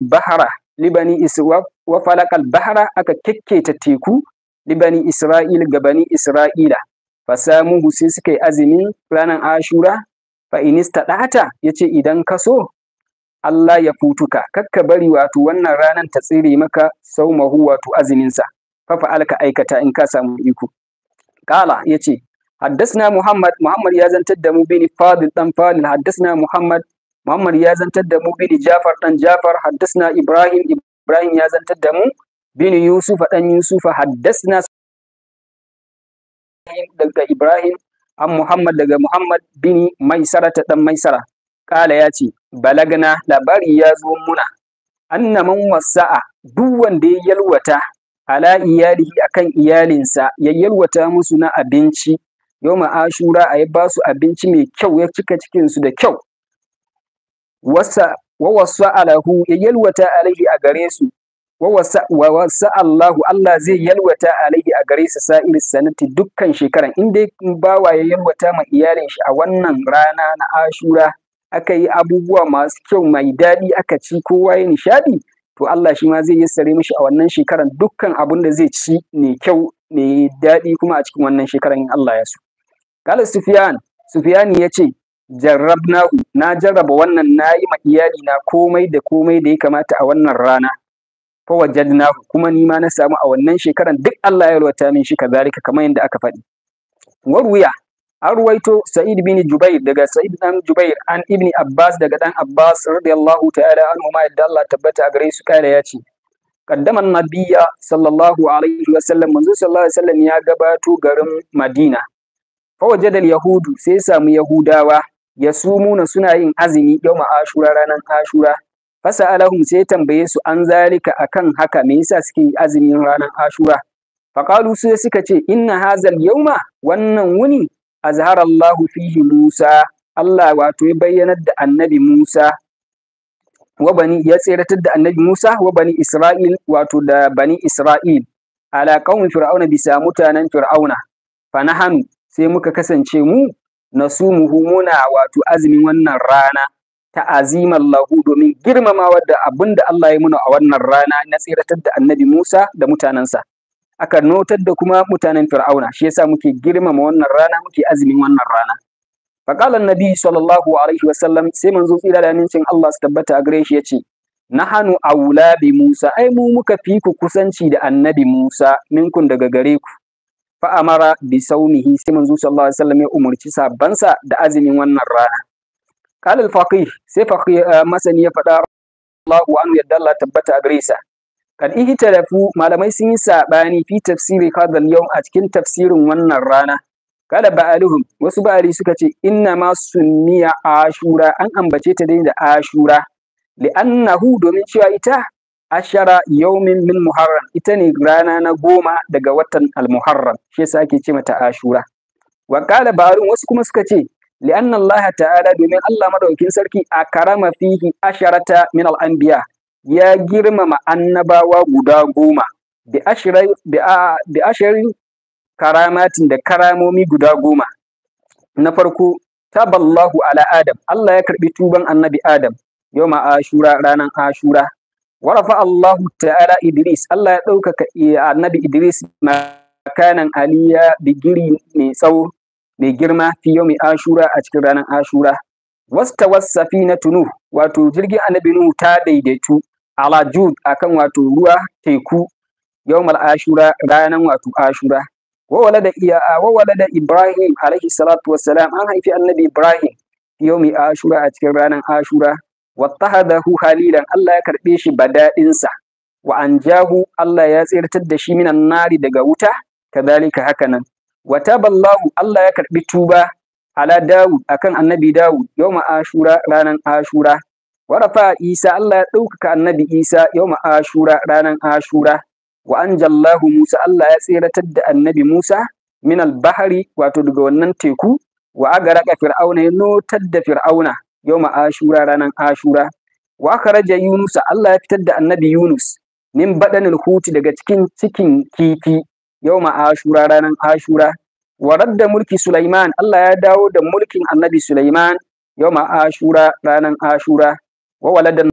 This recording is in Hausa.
bahara libani wa falakal bahara aka kekketa teku libani isra'il ga bani isra'ila fasamuhu sai suka yi azumi ranar ashura fa inista data yace idan ka so Allah ya futuka kakka bari wato wannan ranar ta tsire maka saumahu wato aziminsa fa fa'alka aikata in ka samu iko kala yace haddasna muhammad muhammad ya zantar da mu bin fadil dan fadil haddasna muhammad Muhammad ya zantar da mu bin Jafar dan Jafar haddasna Ibrahim Ibrahim ya zantar da mu bin Yusuf dan Yusuf haddasna daga Ibrahim an Muhammad daga Muhammad bin Maisara ta dan Maisara kala ya ce balagana labari ya zo muna anna man wasa'a duk wanda ya yalwata ala iyalihi akan iyalinsa ya yalwata musu na abinci yau ashura a ya ba su abinci mai kyau ya cika cikinsu da kyau wa ya yalwata alaihi a gare su wa wasa Allahu Allah zai yalwata alaihi a gare su sa'ir sanati dukkan shekaran in dai bawa ya yalwata ma iyalin shi a wannan rana na Ashura aka yi abubuwa masu kyau mai daɗi aka ci kowa ya nishaɗi, to Allah shi ma zai yassare mishi a wannan shekaran dukkan abun da zai ci ne kyau ne daɗi kuma a cikin wannan shekaran in Allah ya so. Kala Sufyan, Sufyani ya ce, jarrabna na jarraba wannan na yi iyali na komai da komai da ya kamata a wannan rana fa na, kuma ni ma na samu a wannan shekaran duk Allah ya ruwata min shi kazalika kamar yadda aka faɗi warwiya an ruwaito sa'id bin jubair daga sa'id dan jubair an ibni abbas daga dan abbas radiyallahu ta'ala anhu ma yadda Allah tabbata a gare su kare ya ce qaddama nabiyya sallallahu alaihi wa sallam manzo sallallahu alaihi wa sallam ya gabato garin madina fa wajadal yahudu sai ya samu yahudawa yasumuna suna yin azumi yawma ashura ranar ashura fasa alahum sai tambaye su an zalika akan haka me yasa suke azumin ranar ashura faqalu sai suka ce inna hazal yawma wannan wuni azhara Allahu fihi Musa Allah wato ya bayyanar da annabi Musa wa bani ya tsiratar da annabi Musa wa bani Isra'il wato da bani Isra'il ala qaumin fir'auna bisa mutanen fir'auna fa nahanu sai muka kasance mu nasumuhu muna wato azumin wannan rana ta aziman lahu domin girmama wadda abin da Allah ya muna a wannan rana na tseratar da annabi Musa da mutanensa. Aka notar da kuma mutanen Fir'auna, shi yasa muke girmama wannan rana muke azumin wannan rana. Faƙalan Nabi sallallahu alaihi wasallam sai manzo tsira da amincin Allah su tabbata a gare shi ya ce, a wula bi Musa, ai mu muka fi ku kusanci da annabi Musa minkun daga gare ku. Fa'amara amara bi saumihi sai manzo sallallahu alaihi wasallam ya umarci sabansa da azumin wannan rana qala al faqih sai faqih eh, masani ya faɗa Allahu an yadda Allah tabbata a gare sa ihi tarafu malamai sun yi sabani fi tafsiri hadal yau a cikin tafsirin wannan rana kada ba'aluhum wasu ba'ali suka ce inna ma sunniya ashura an ambace ta dai da ashura li'annahu domin cewa ita ashara yaumin min muharram ita ne rana na goma daga watan al-muharram shi yasa ake ce mata ashura wa qala ba'dun wasu kuma suka ce anna Allah ta'ala domin Allah madaukakin sarki a karama fihi asharata min al-anbiya ya girmama annabawa guda goma bi bi karamatin da karamomi guda goma na farko taballahu ala adam Allah ya karbi tuban annabi adam yau ma ashura ranan ashura warafa Allahu ta'ala Idris Allah ya ɗaukaka eh, annabi Idris makanan aliya digiri mai tsawo mai girma fi mai ashura a cikin ranar ashura wasta wasafi na tunu wato jirgin annabi nuhu ta daidaitu ala akan wato ruwa teku yawmal asura, ranar wato ashura wawala da iya wawala da Ibrahim alaihi salatu wassalam an haifi annabi Ibrahim fi mai ashura a cikin ranar asura. wattahadahu halilan Allah ya karɓe shi bada'insa wa anjahu Allah ya tsirtar da shi minan nari daga wuta kadhalika hakanan wa Allah ya karɓi tuba ala Dawud akan annabi Dawud yawma ashura ranan ashura wa rafa Isa Allah ya ɗaukaka annabi Isa yawma ashura ranan ashura wa anjallahu Musa Allah ya tsiratar da annabi Musa min al-bahri wato daga wannan teku wa agaraka fir'auna ya notar da fir'auna yawma ashura ranan ashura wa akhraja yunus Allah ya fitar da annabi yunus nin badanil hutu daga cikin cikin kifi yawma ashura ranan ashura wa radda mulki sulaiman Allah ya dawo da mulkin annabi sulaiman yawma ashura ranan ashura wa waladan